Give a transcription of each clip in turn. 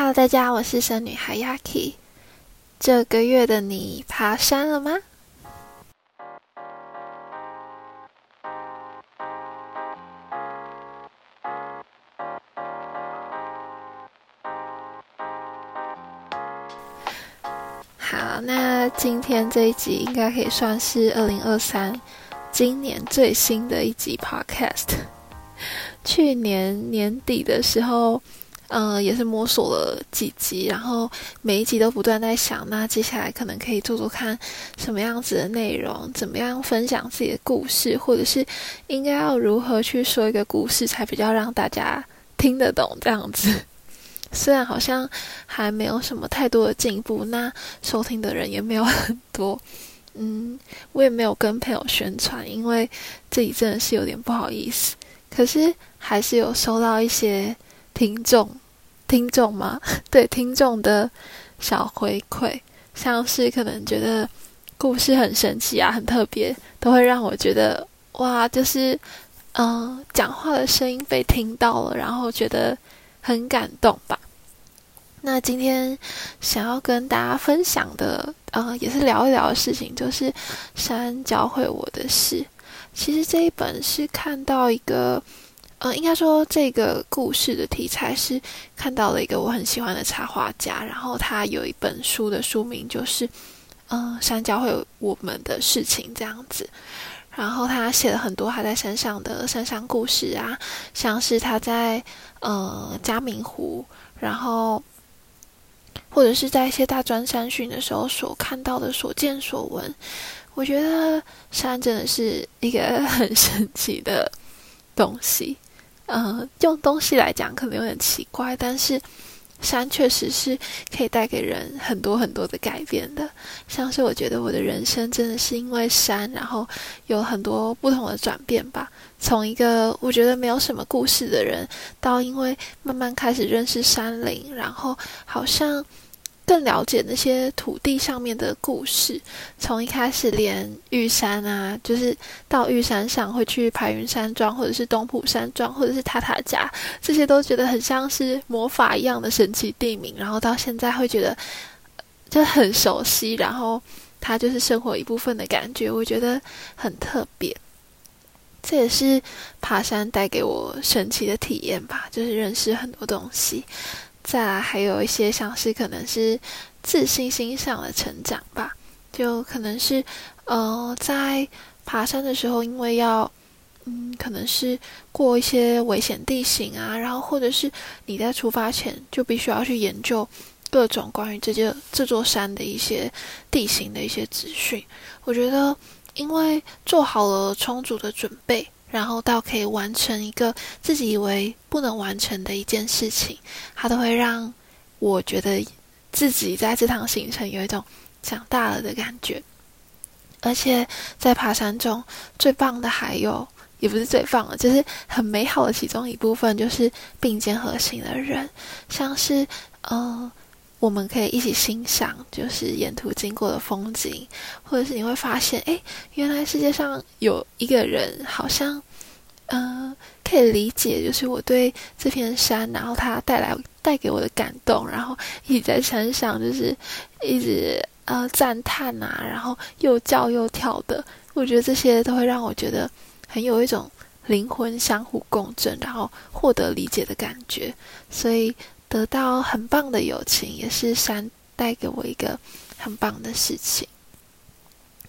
Hello，大家好，我是山女孩 Yaki。這個月的你爬山了嗎？好，那今天這一集應該可以算是二零二三今年最新的一集 Podcast。去年年底的時候。嗯、呃，也是摸索了幾集，然後每一集都不斷在想，那接下來可能可以做做看什麼樣子的內容，怎麼樣分享自己的故事，或者是應該要如何去說一個故事才比較讓大家聽得懂這樣子。雖然好像還沒有什麼太多的進步，那收聽的人也沒有很多，嗯，我也沒有跟朋友宣傳，因為自己真的是有點不好意思。可是還是有收到一些聽眾。聽眾嗎？對，聽眾的小回饋，像是可能覺得故事很神奇啊，很特別，都會讓我覺得哇，就是嗯、呃，講話的聲音被聽到了，然後覺得很感動吧。 那今天想要跟大家分享的，啊、呃，也是聊一聊的事情，就是山教會我的事。其實這一本是看到一個。呃、嗯，應該說這個故事的題材是看到了一個我很喜歡的插畫家，然後他有一本書的書名就是“嗯，山教會我們的事情”這樣子。然後他寫了很多他在山上的山上故事啊，像是他在嗯嘉明湖，然後或者是在一些大專山訓的時候所看到的所見所聞。我覺得山真的是一個很神奇的東西。嗯，用東西來講可能有點奇怪，但是山確實是可以帶給人很多很多的改變的。像是我覺得我的人生真的是因為山，然後有很多不同的轉變吧。從一個我覺得沒有什麼故事的人，到因為慢慢開始認識山林，然後好像。更了解那些土地上面的故事，從一開始連玉山啊，就是到玉山上會去排雲山莊，或者是東埔山莊，或者是塔塔加，這些都覺得很像是魔法一樣的神奇地名。然後到現在會覺得就很熟悉，然後它就是生活一部分的感覺，我覺得很特別。這也是爬山帶給我神奇的體驗吧，就是認識很多東西。再來還有一些像是可能是自信心上的成長吧，就可能是呃在爬山的時候，因為要嗯可能是過一些危險地形啊，然後或者是你在出發前就必須要去研究各種關於這些這座山的一些地形的一些資訊。我覺得因為做好了充足的準備。然後到可以完成一個自己以為不能完成的一件事情，它都會讓我覺得自己在這趟行程有一種長大了的感覺。而且在爬山中最棒的還有，也不是最棒的，就是很美好的其中一部分，就是並肩而行的人，像是嗯。呃我們可以一起欣賞，就是沿途經過的風景，或者是你會發現，哎，原來世界上有一個人，好像，嗯、呃，可以理解，就是我對這片山，然後他帶來帶給我的感動，然後一起在山上，就是一直呃讚嘆啊，然後又叫又跳的，我覺得這些都會讓我覺得很有一種靈魂相互共振，然後獲得理解的感覺，所以。得到很棒的友情，也是山帶給我一個很棒的事情。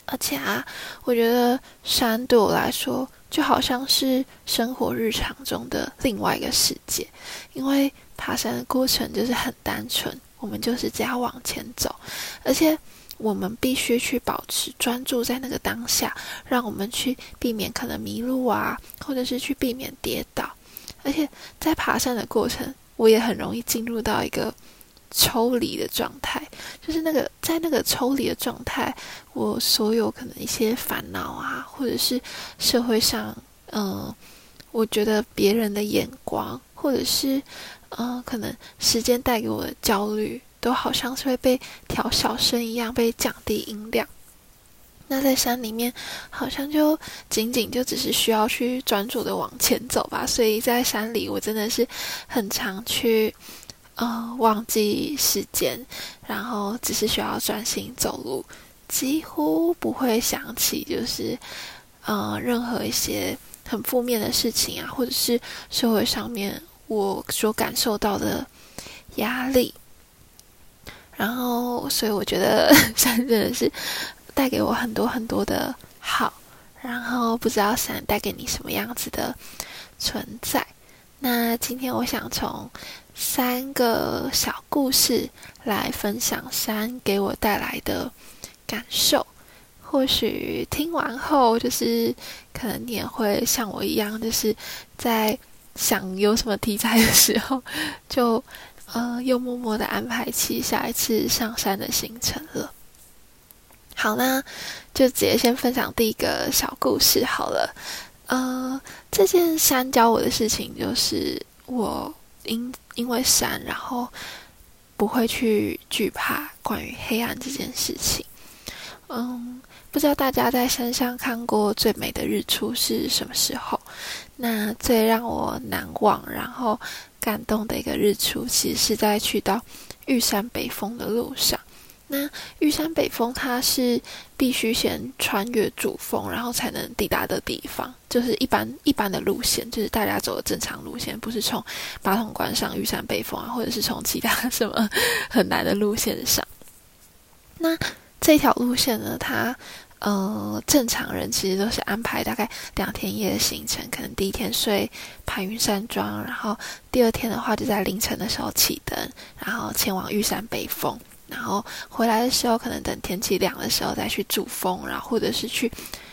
而且啊，我覺得山對我來說就好像是生活日常中的另外一個世界，因為爬山的過程就是很單純，我們就是這樣往前走，而且我們必須去保持專注在那個當下，讓我們去避免可能迷路啊，或者是去避免跌倒。而且在爬山的過程。我也很容易進入到一個抽離的狀態，就是那個在那個抽離的狀態，我所有可能一些煩惱啊，或者是社會上，嗯，我覺得別人的眼光，或者是嗯，可能時間帶給我的焦慮，都好像是會被調小聲一樣，被降低音量。那在山裡面，好像就僅僅就只是需要去專注的往前走吧。所以，在山裡，我真的是很常去，呃，忘記時間，然後只是需要專心走路，幾乎不會想起，就是呃，任何一些很負面的事情啊，或者是社會上面我所感受到的壓力。然後，所以我覺得山真的是。帶給我很多很多的好，然後不知道山帶給你什麼樣子的存在。那今天我想從三個小故事來分享山給我帶來的感受。或許聽完後，就是可能你也會像我一樣，就是在想有什麼題材的時候，就呃又默默的安排起下一次上山的行程了。好啦，就直接先分享第一個小故事好了。嗯，這件山教我的事情，就是我因因為山，然後不會去懼怕關於黑暗這件事情。嗯，不知道大家在山上看過最美的日出是什麼時候？那最讓我難忘，然後感動的一個日出，其實是在去到玉山北峰的路上。那玉山北峰它是必須先穿越主峰，然後才能抵達的地方，就是一般，一般的路線，就是大家走的正常路線，不是從八通關上玉山北峰啊，或者是從其他什麼很難的路線上。那這條路線呢，它嗯、呃、正常人其實都是安排大概兩天一夜的行程，可能第一天睡排雲山莊，然後第二天的話就在凌晨的時候起登，然後前往玉山北峰。然後回來的時候，可能等天氣涼的時候再去主峰，然後或者是去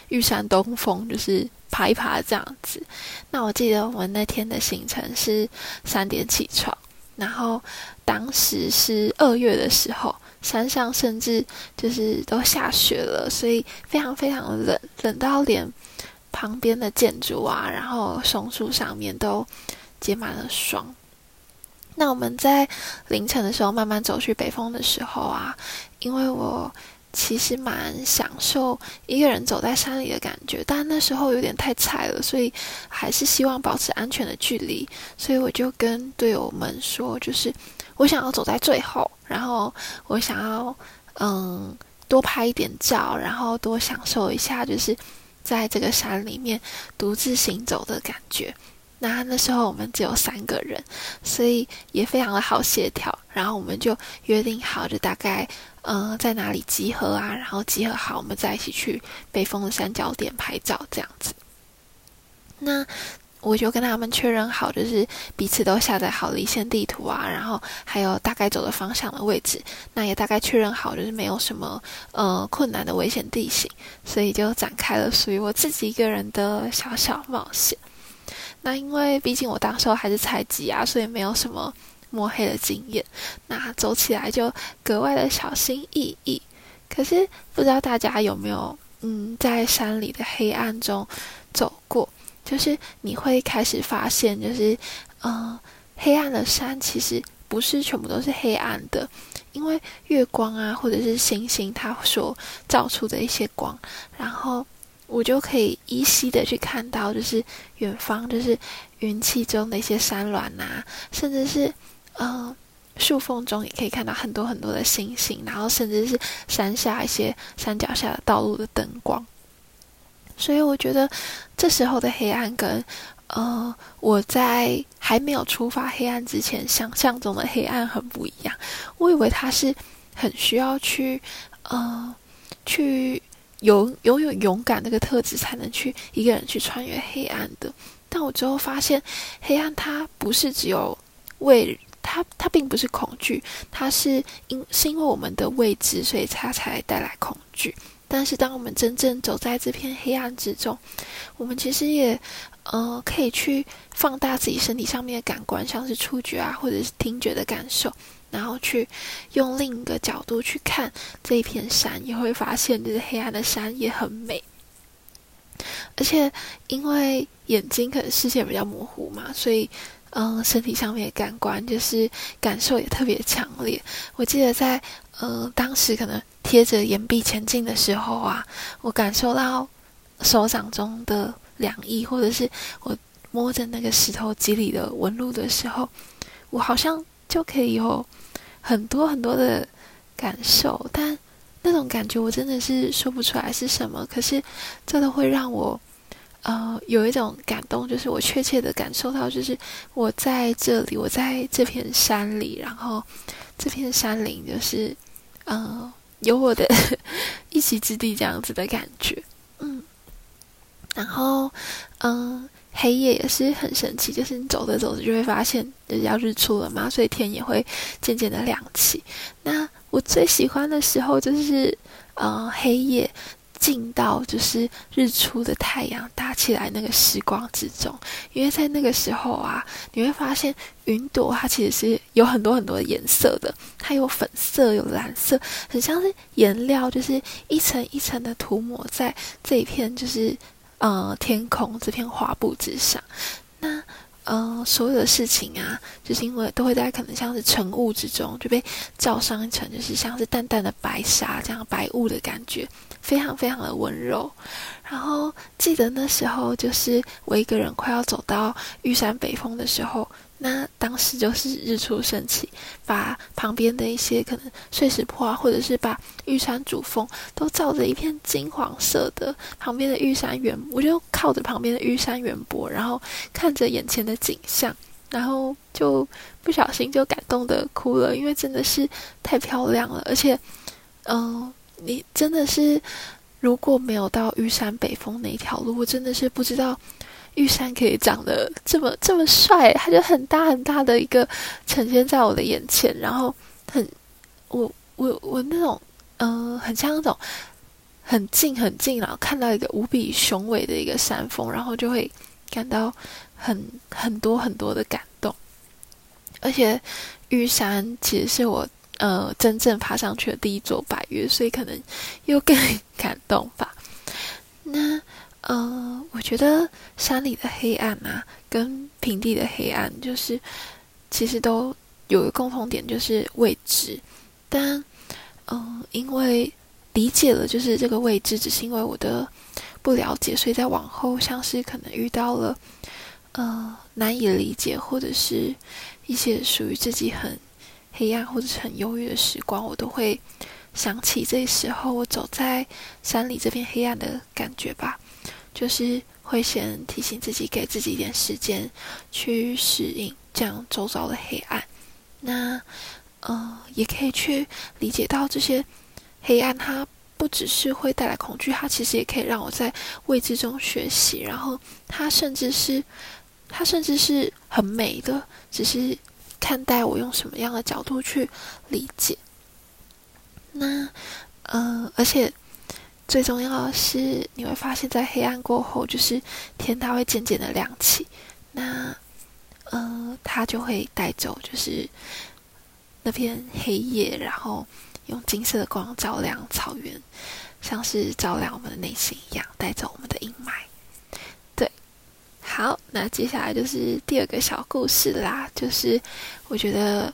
玉山東峰，就是爬一爬這樣子。那我記得我們那天的行程是三點起床，然後當時是二月的時候，山上甚至就是都下雪了，所以非常非常冷，冷到連旁邊的建築啊，然後松樹上面都結滿了霜。那我們在凌晨的時候慢慢走去北峰的時候啊，因為我其實蠻享受一個人走在山裡的感覺，但那時候有點太菜了，所以還是希望保持安全的距離，所以我就跟隊友們說，就是我想要走在最後，然後我想要嗯多拍一點照，然後多享受一下，就是在這個山裡面獨自行走的感覺。那那時候我們只有三個人，所以也非常的好協調。然後我們就約定好，就大概嗯、呃、在哪裡集合啊，然後集合好，我們再一起去北峰的三角點拍照這樣子。那我就跟他們確認好，就是彼此都下載好離線地圖啊，然後還有大概走的方向的位置。那也大概確認好，就是沒有什麼呃困難的危險地形，所以就展開了屬於我自己一個人的小小冒險。那因為畢竟我當時候還是菜雞啊，所以沒有什麼摸黑的經驗，那走起來就格外的小心翼翼。可是不知道大家有沒有，嗯，在山裡的黑暗中走過，就是你會開始發現，就是，嗯、呃，黑暗的山其實不是全部都是黑暗的，因為月光啊，或者是星星它所照出的一些光，然後。我就可以依稀的去看到，就是遠方，就是雲氣中的一些山巒吶、啊，甚至是，嗯、呃，樹縫中也可以看到很多很多的星星，然後甚至是山下一些山腳下的道路的燈光。所以我覺得這時候的黑暗跟，呃，我在還沒有出發黑暗之前想象中的黑暗很不一樣。我以為它是很需要去，嗯、呃，去。有擁有，有勇敢那個特質，才能去一個人去穿越黑暗的。但我之後發現，黑暗它不是只有畏，它它並不是恐懼，它是因是因為我們的未知，所以它才帶來恐懼。但是當我們真正走在這片黑暗之中，我們其實也呃可以去放大自己身體上面的感官，像是觸覺啊，或者是聽覺的感受。然後去用另一個角度去看這一片山，也會發現，就是黑暗的山也很美。而且，因為眼睛可能視線比較模糊嘛，所以，嗯，身體上面的感官就是感受也特別強烈。我記得在，嗯，當時可能貼着岩壁前進的時候啊，我感受到手掌中的涼意，或者是我摸着那個石頭肌理的紋路的時候，我好像就可以有。很多很多的感受，但那種感覺我真的是說不出來是什麼。可是這都會讓我呃有一種感動，就是我確切的感受到，就是我在這裡，我在這片山裡，然後這片山林就是呃有我的一席之地這樣子的感覺，嗯，然後嗯。呃黑夜也是很神奇，就是你走着走着就會發現就是要日出了嘛，所以天也會漸漸的亮起。那我最喜歡的時候就是，嗯、呃，黑夜進到就是日出的太陽打起來那個時光之中，因為在那個時候啊，你會發現雲朵它其實是有很多很多顏色的，它有粉色，有藍色，很像是顏料，就是一層一層的塗抹在這一片就是。呃，天空這片畫布之上，那呃，所有的事情啊，就是因為都會在可能像是晨霧之中就被罩上一層，就是像是淡淡的白紗這樣白霧的感覺，非常非常的溫柔。然後記得那時候，就是我一個人快要走到玉山北峰的時候，那當時就是日出升起，把旁邊的一些可能碎石坡啊，或者是把玉山主峰都照着一片金黃色的。旁邊的玉山園，我就靠着旁邊的玉山圓柏，然後看着眼前的景象，然後就不小心就感動得哭了，因為真的是太漂亮了，而且，嗯、呃，你真的是如果沒有到玉山北峰那一條路，我真的是不知道。玉山可以長得這麼這麼帥，它就很大很大的一個呈現在我的眼前，然後很我我我那種嗯、呃，很像那種很近很近，然後看到一個無比雄偉的一個山峰，然後就會感到很很多很多的感動，而且玉山其實是我呃真正爬上去的第一座百岳，所以可能又更感動吧。那。嗯，我覺得山裡的黑暗啊，跟平地的黑暗，就是其實都有一個共同點，就是未知。但嗯，因為理解了，就是這個未知，只是因為我的不了解，所以在往後，像是可能遇到了嗯難以理解，或者是一些屬於自己很黑暗或者是很憂鬱的時光，我都會想起這時候我走在山裡這片黑暗的感覺吧。就是會先提醒自己，給自己一點時間去適應這樣周遭的黑暗。那呃，也可以去理解到這些黑暗，它不只是會帶來恐懼，它其實也可以讓我在未知中學習。然後，它甚至是它甚至是很美的，只是看待我用什麼樣的角度去理解。那嗯、呃，而且。最重要的是，你會發現在黑暗過後，就是天，它會漸漸的亮起。那，嗯，它就會帶走，就是那片黑夜，然後用金色的光照亮草原，像是照亮我們的內心一樣，帶走我們的陰霾。對，好，那接下來就是第二個小故事啦，就是我覺得，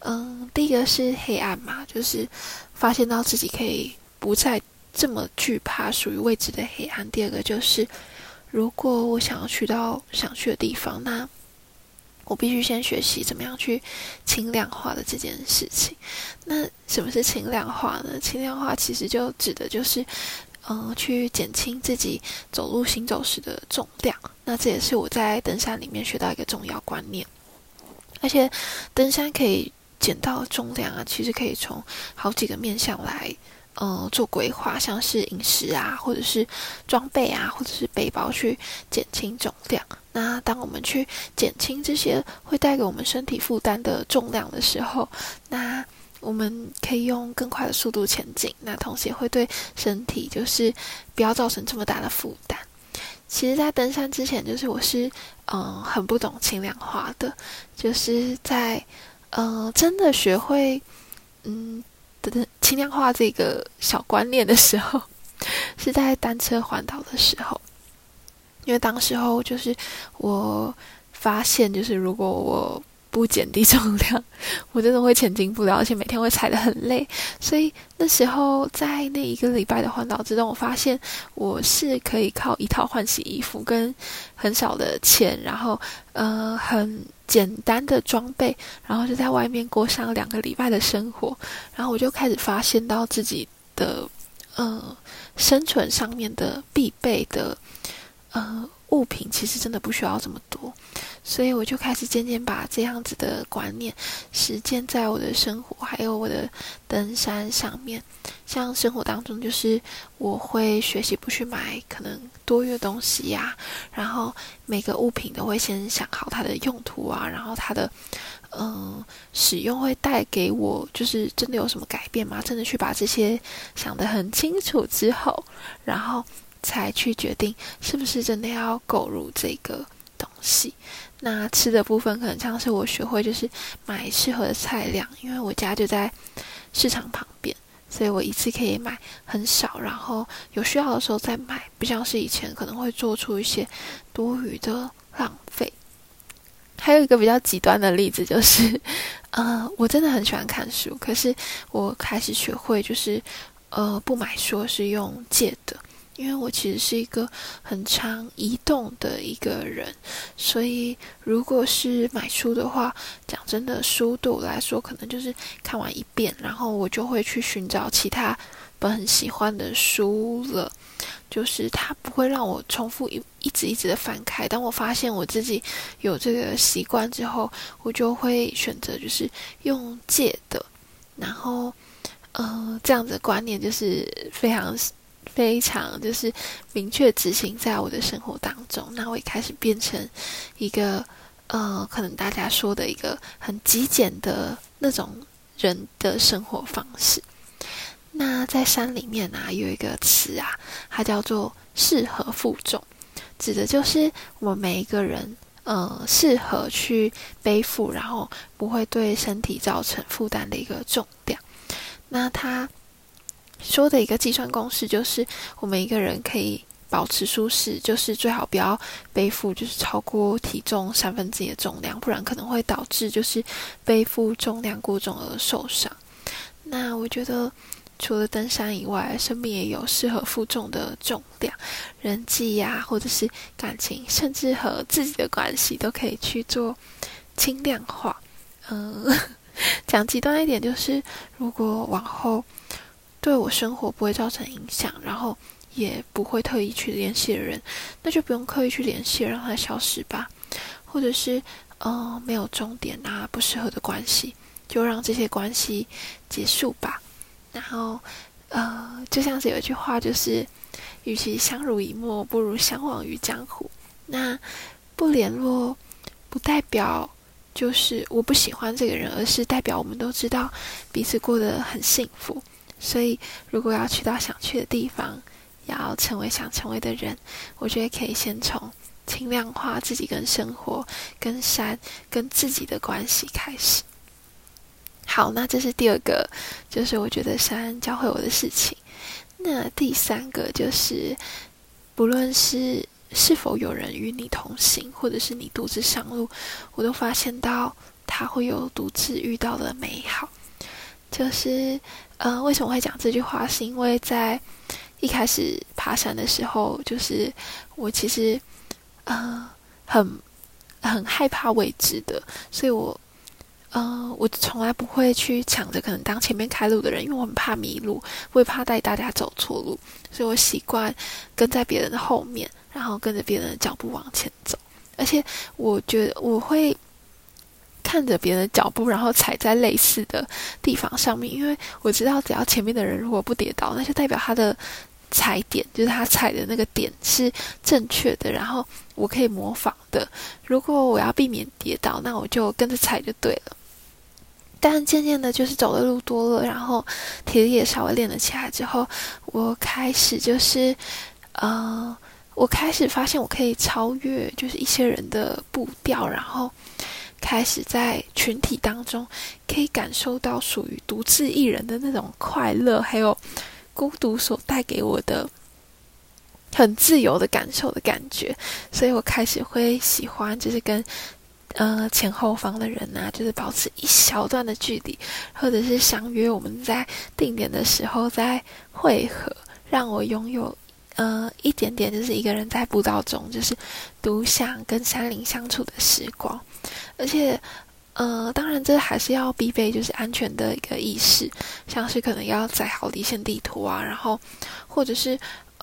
嗯，第一個是黑暗嘛，就是發現到自己可以不再。這麼懼怕屬於未知的黑暗。第二個就是，如果我想要去到想去的地方，那我必須先學習怎麼樣去輕量化的這件事情。那什麼是輕量化呢？輕量化其實就指的就是，嗯、呃，去減輕自己走路行走時的重量。那這也是我在登山裡面學到一個重要觀念。而且，登山可以減到重量啊，其實可以從好幾個面向來。呃，做規劃，像是飲食啊，或者是裝備啊，或者是背包去減輕重量。那當我們去減輕這些會帶給我們身體負擔的重量的時候，那我們可以用更快的速度前進。那同時也會對身體就是不要造成這麼大的負擔。其實，在登山之前，就是我是嗯、呃、很不懂輕量化的，的就是在嗯、呃、真的學會嗯的。等等輕量化這個小觀念的時候，是在單車環島的時候，因為當時候就是我發現，就是如果我不減低重量，我真的會前進不了，而且每天會踩得很累。所以那時候在那一個禮拜的環島之中，我發現我是可以靠一套換洗衣服跟很少的錢，然後嗯、呃……很。簡單的裝備，然後就在外面過上兩個禮拜的生活，然後我就開始發現到自己的，嗯、呃，生存上面的必備的，嗯、呃，物品其實真的不需要這麼多。所以我就開始漸漸把這樣子的觀念實踐在我的生活，還有我的登山上面。像生活當中，就是我會學習不去買可能多餘的東西呀啊，然後每個物品都會先想好它的用途啊，然後它的嗯使用會帶給我，就是真的有什麼改變嗎？真的去把這些想得很清楚之後，然後才去決定是不是真的要購入這個東西。那吃的部分可能像是我學會，就是買適合的菜量，因為我家就在市場旁邊，所以我一次可以買很少，然後有需要的時候再買，不像是以前可能會做出一些多餘的浪費。還有一個比較極端的例子就是，呃，我真的很喜歡看書，可是我開始學會就是，呃，不買書，是用借的。因為我其實是一個很常移動的一個人，所以如果是買書的話，講真的，書對我來說可能就是看完一遍，然後我就會去尋找其他本很喜歡的書了。就是它不會讓我重複一一直一直的翻開。當我發現我自己有這個習慣之後，我就會選擇就是用借的。然後，嗯、呃，這樣子觀念就是非常。非常就是明確執行在我的生活當中，那我也開始變成一個呃，可能大家說的一個很極簡的那種人的生活方式。那在山裡面啊，有一個詞啊，它叫做適合負重，指的就是我們每一個人呃，適合去背負，然後不會對身體造成負擔的一個重量。那它。說的一個計算公式就是，我們一個人可以保持舒適，就是最好不要背負，就是超過體重三分之一的重量，不然可能會導致就是背負重量過重而受傷。那我覺得除了登山以外，生命也有適合負重的重量，人際呀、啊，或者是感情，甚至和自己的關係都可以去做輕量化。嗯，講極端一點，就是如果往後。對我生活不會造成影響，然後也不會特意去聯繫的人，那就不用刻意去聯繫，讓他消失吧。或者是，嗯、呃，沒有終點啊，不適合的關係，就讓這些關係結束吧。然後，呃，就像是有一句話，就是“與其相濡以沫，不如相忘於江湖”。那，那不聯絡，不代表就是我不喜歡這個人，而是代表我們都知道彼此過得很幸福。所以，如果要去到想去的地方，要成為想成為的人，我覺得可以先從輕量化自己、跟生活、跟山、跟自己的關係開始。好，那這是第二個，就是我覺得山教會我的事情。那第三個就是，不論是是否有人與你同行，或者是你獨自上路，我都發現到他會有獨自遇到的美好。就是，嗯、呃，為什麼會講這句話？是因為在一開始爬山的時候，就是我其實，嗯、呃，很很害怕未知的，所以，我，嗯、呃，我從來不會去搶着可能當前面開路的人，因為我很怕迷路，會怕帶大家走錯路，所以我習慣跟在別人的後面，然後跟着別人的腳步往前走，而且我覺得我會。看着別人的腳步，然後踩在類似的地方上面，因為我知道，只要前面的人如果不跌倒，那就代表他的踩點，就是他踩的那個點是正確的，然後我可以模仿的。如果我要避免跌倒，那我就跟着踩就對了。但漸漸的，就是走的路多了，然後體力也稍微練了起來之後，我開始就是，嗯、呃，我開始發現我可以超越，就是一些人的步調，然後。開始在群體當中，可以感受到屬於獨自一人的那種快樂，還有孤獨所帶給我的很自由的感受的感覺。所以我開始會喜歡，就是跟呃前後方的人啊，就是保持一小段的距離，或者是相約我們在定點的時候再會合，讓我擁有嗯、呃、一點點，就是一個人在步道中，就是獨享跟山林相處的時光。而且，呃，當然，這還是要必備，就是安全的一個意識，像是可能要載好離線地圖啊，然後，或者是，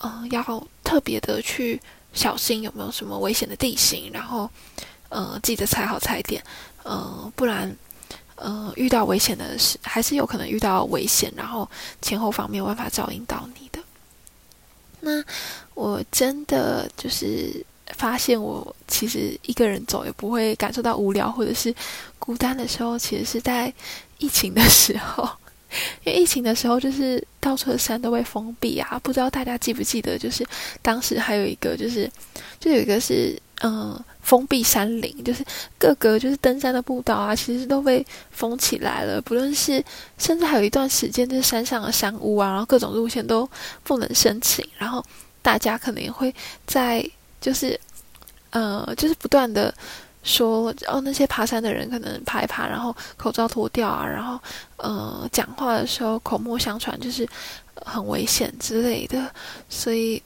嗯、呃，要特別的去小心有沒有什麼危險的地形，然後，嗯、呃，記得踩好踩點，嗯、呃，不然，嗯、呃，遇到危險的事還是有可能遇到危險，然後前後方沒有辦法照應到你的。那我真的就是。發現我其實一個人走也不會感受到無聊或者是孤單的時候，其實是在疫情的時候，因為疫情的時候就是到處的山都被封閉啊，不知道大家記不記得，就是當時還有一個就是就有一個是嗯封閉山林，就是各個就是登山的步道啊，其實都被封起來了，不論是甚至還有一段時間，就是山上的山屋啊，然後各種路線都不能申請，然後大家可能也會在。就是，呃，就是不斷的說哦，那些爬山的人可能爬一爬，然後口罩脫掉啊，然後，呃，講話的時候口沫相傳，就是很危險之類的。所以，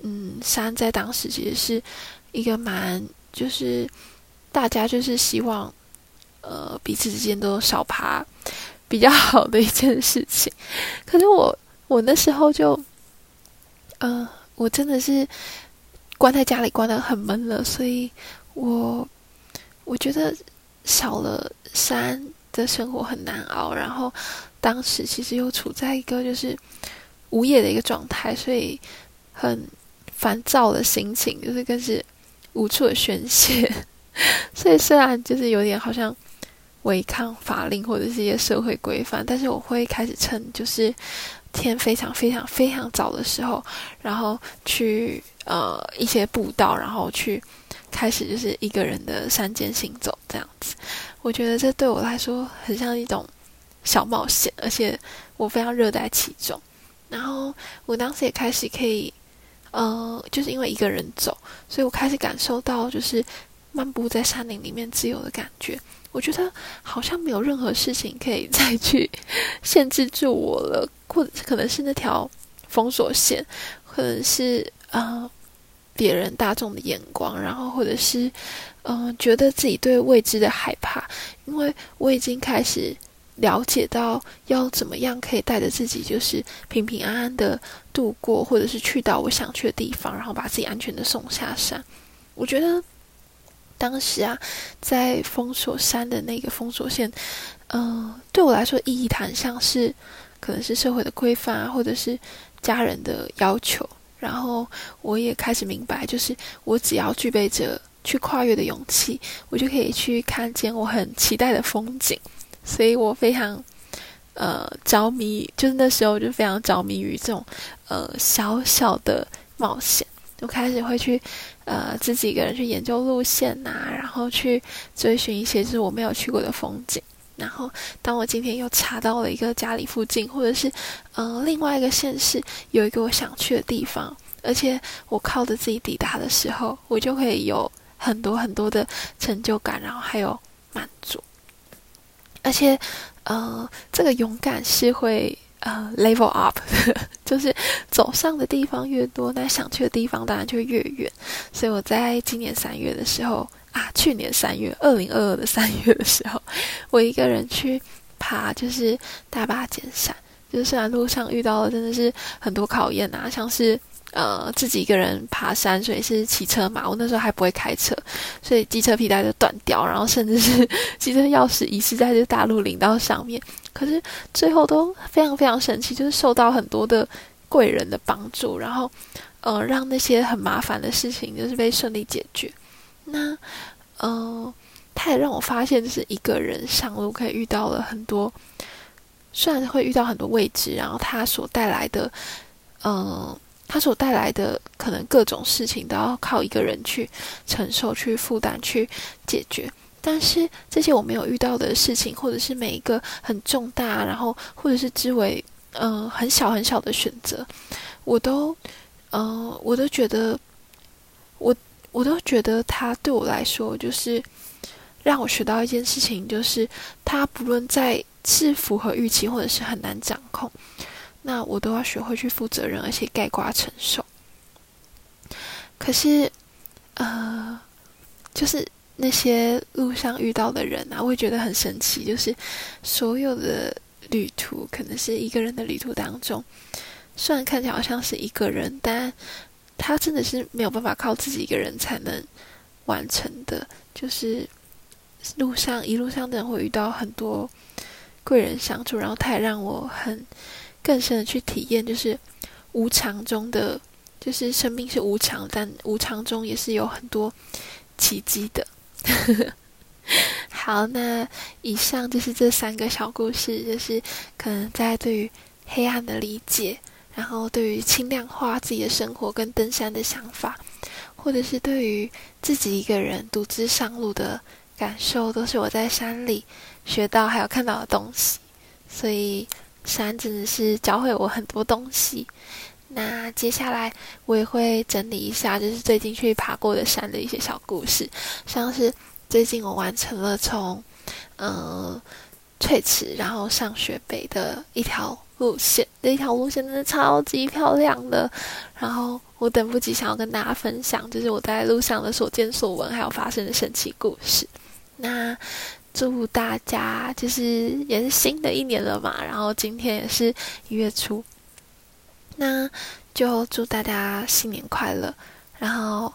嗯，山在當時其實是一個蠻，就是大家就是希望，呃，彼此之間都少爬，比較好的一件事情。可是我，我那時候就，嗯、呃，我真的是。關在家裡，關得很悶了，所以我，我我覺得少了山的生活很難熬。然後，當時其實又處在一個就是無業的一個狀態，所以很煩躁的心情，就是更是無處的宣洩。所以，雖然就是有點好像。違抗法令或者是一些社會規範，但是我會開始趁就是天非常非常非常早的時候，然後去呃一些步道，然後去開始就是一個人的山間行走這樣子。我覺得這對我來說很像一種小冒險，而且我非常樂在其中。然後我當時也開始可以呃就是因為一個人走，所以我開始感受到就是漫步在山林裡面自由的感覺。我覺得好像沒有任何事情可以再去限制住我了，或者是可能是那條封鎖線，可能是啊、呃、別人大眾的眼光，然後或者是嗯、呃、覺得自己對未知的害怕，因為我已經開始了解到要怎麼樣可以帶着自己就是平平安安的度過，或者是去到我想去的地方，然後把自己安全的送下山。我覺得。當時啊，在封鎖山的那個封鎖線，嗯、呃，對我來說意義談上是，可能是社會的規範啊，或者是家人的要求。然後我也開始明白，就是我只要具備着去跨越的勇氣，我就可以去看見我很期待的風景。所以我非常，呃，着迷，就是那時候我就非常着迷於這種，呃，小小的冒險。我開始會去，呃，自己一個人去研究路線吶、啊，然後去追尋一些就是我沒有去過的風景。然後，當我今天又查到了一個家裡附近，或者是，嗯、呃，另外一個縣市有一個我想去的地方，而且我靠着自己抵達的時候，我就會有很多很多的成就感，然後還有滿足。而且，嗯、呃，這個勇敢是會。呃、uh，level up， 就是走上的地方越多，那想去的地方當然就越遠。所以我在今年三月的時候啊，去年三月，二零二二的三月的時候，我一個人去爬就是大霸尖山，就是雖然路上遇到了真的是很多考驗啊，像是。呃，自己一個人爬山，所以是騎車嘛。我那時候還不會開車，所以機車皮帶就斷掉，然後甚至是機車鑰匙遺失在這大鹿林道上面。可是最後都非常非常神奇，就是受到很多的貴人的幫助，然後，呃，讓那些很麻煩的事情就是被順利解決。那，嗯、呃，他也讓我發現，就是一個人上路可以遇到了很多，雖然會遇到很多未知，然後他所帶來的，嗯、呃。他所帶來的可能各種事情都要靠一個人去承受、去負擔、去解決，但是這些我沒有遇到的事情，或者是每一個很重大，然後或者是之為嗯、呃、很小很小的選擇，我都嗯、呃、我都覺得我我都覺得他對我來說就是讓我學到一件事情，就是他不論在是符合預期，或者是很難掌控，那我都要學會去負責任，而且概括承受。可是，呃，就是那些路上遇到的人啊，我也覺得很神奇。就是所有的旅途，可能是一個人的旅途當中，雖然看起來好像是一個人，但他真的是沒有辦法靠自己一個人才能完成的。就是路上一路上的人會遇到很多貴人相助，然後他也讓我很更深的去體驗，就是無常中的，就是生命是無常，但無常中也是有很多奇蹟的。 好，那以上就是這三個小故事，就是可能大家對於黑暗的理解，然後對於輕量化自己的生活跟登山的想法，或者是對於自己一個人獨自上路的感受，都是我在山裡學到還有看到的東西，所以。山真的是教會我很多東西。那接下來我也會整理一下，就是最近去爬過的山的一些小故事，像是最近我完成了從嗯、呃、翠池然後上雪北的一條路線，這一條路線真的超級漂亮的。然後我等不及想要跟大家分享，就是我在路上的所見所聞還有發生的神奇故事。那祝大家就是也是新的一年了嘛，然後今天也是一月初，那就祝大家新年快樂，然後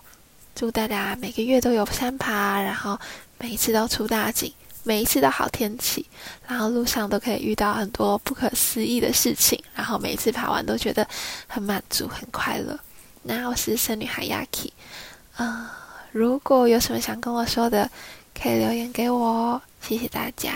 祝大家每個月都有山爬，然後每一次都出大景，每一次都好天氣，然後路上都可以遇到很多不可思議的事情，然後每一次爬完都覺得很滿足很快樂。那我是山女孩 Yaki，嗯，如果有什麼想跟我說的。可以留言給我哦，謝謝大家。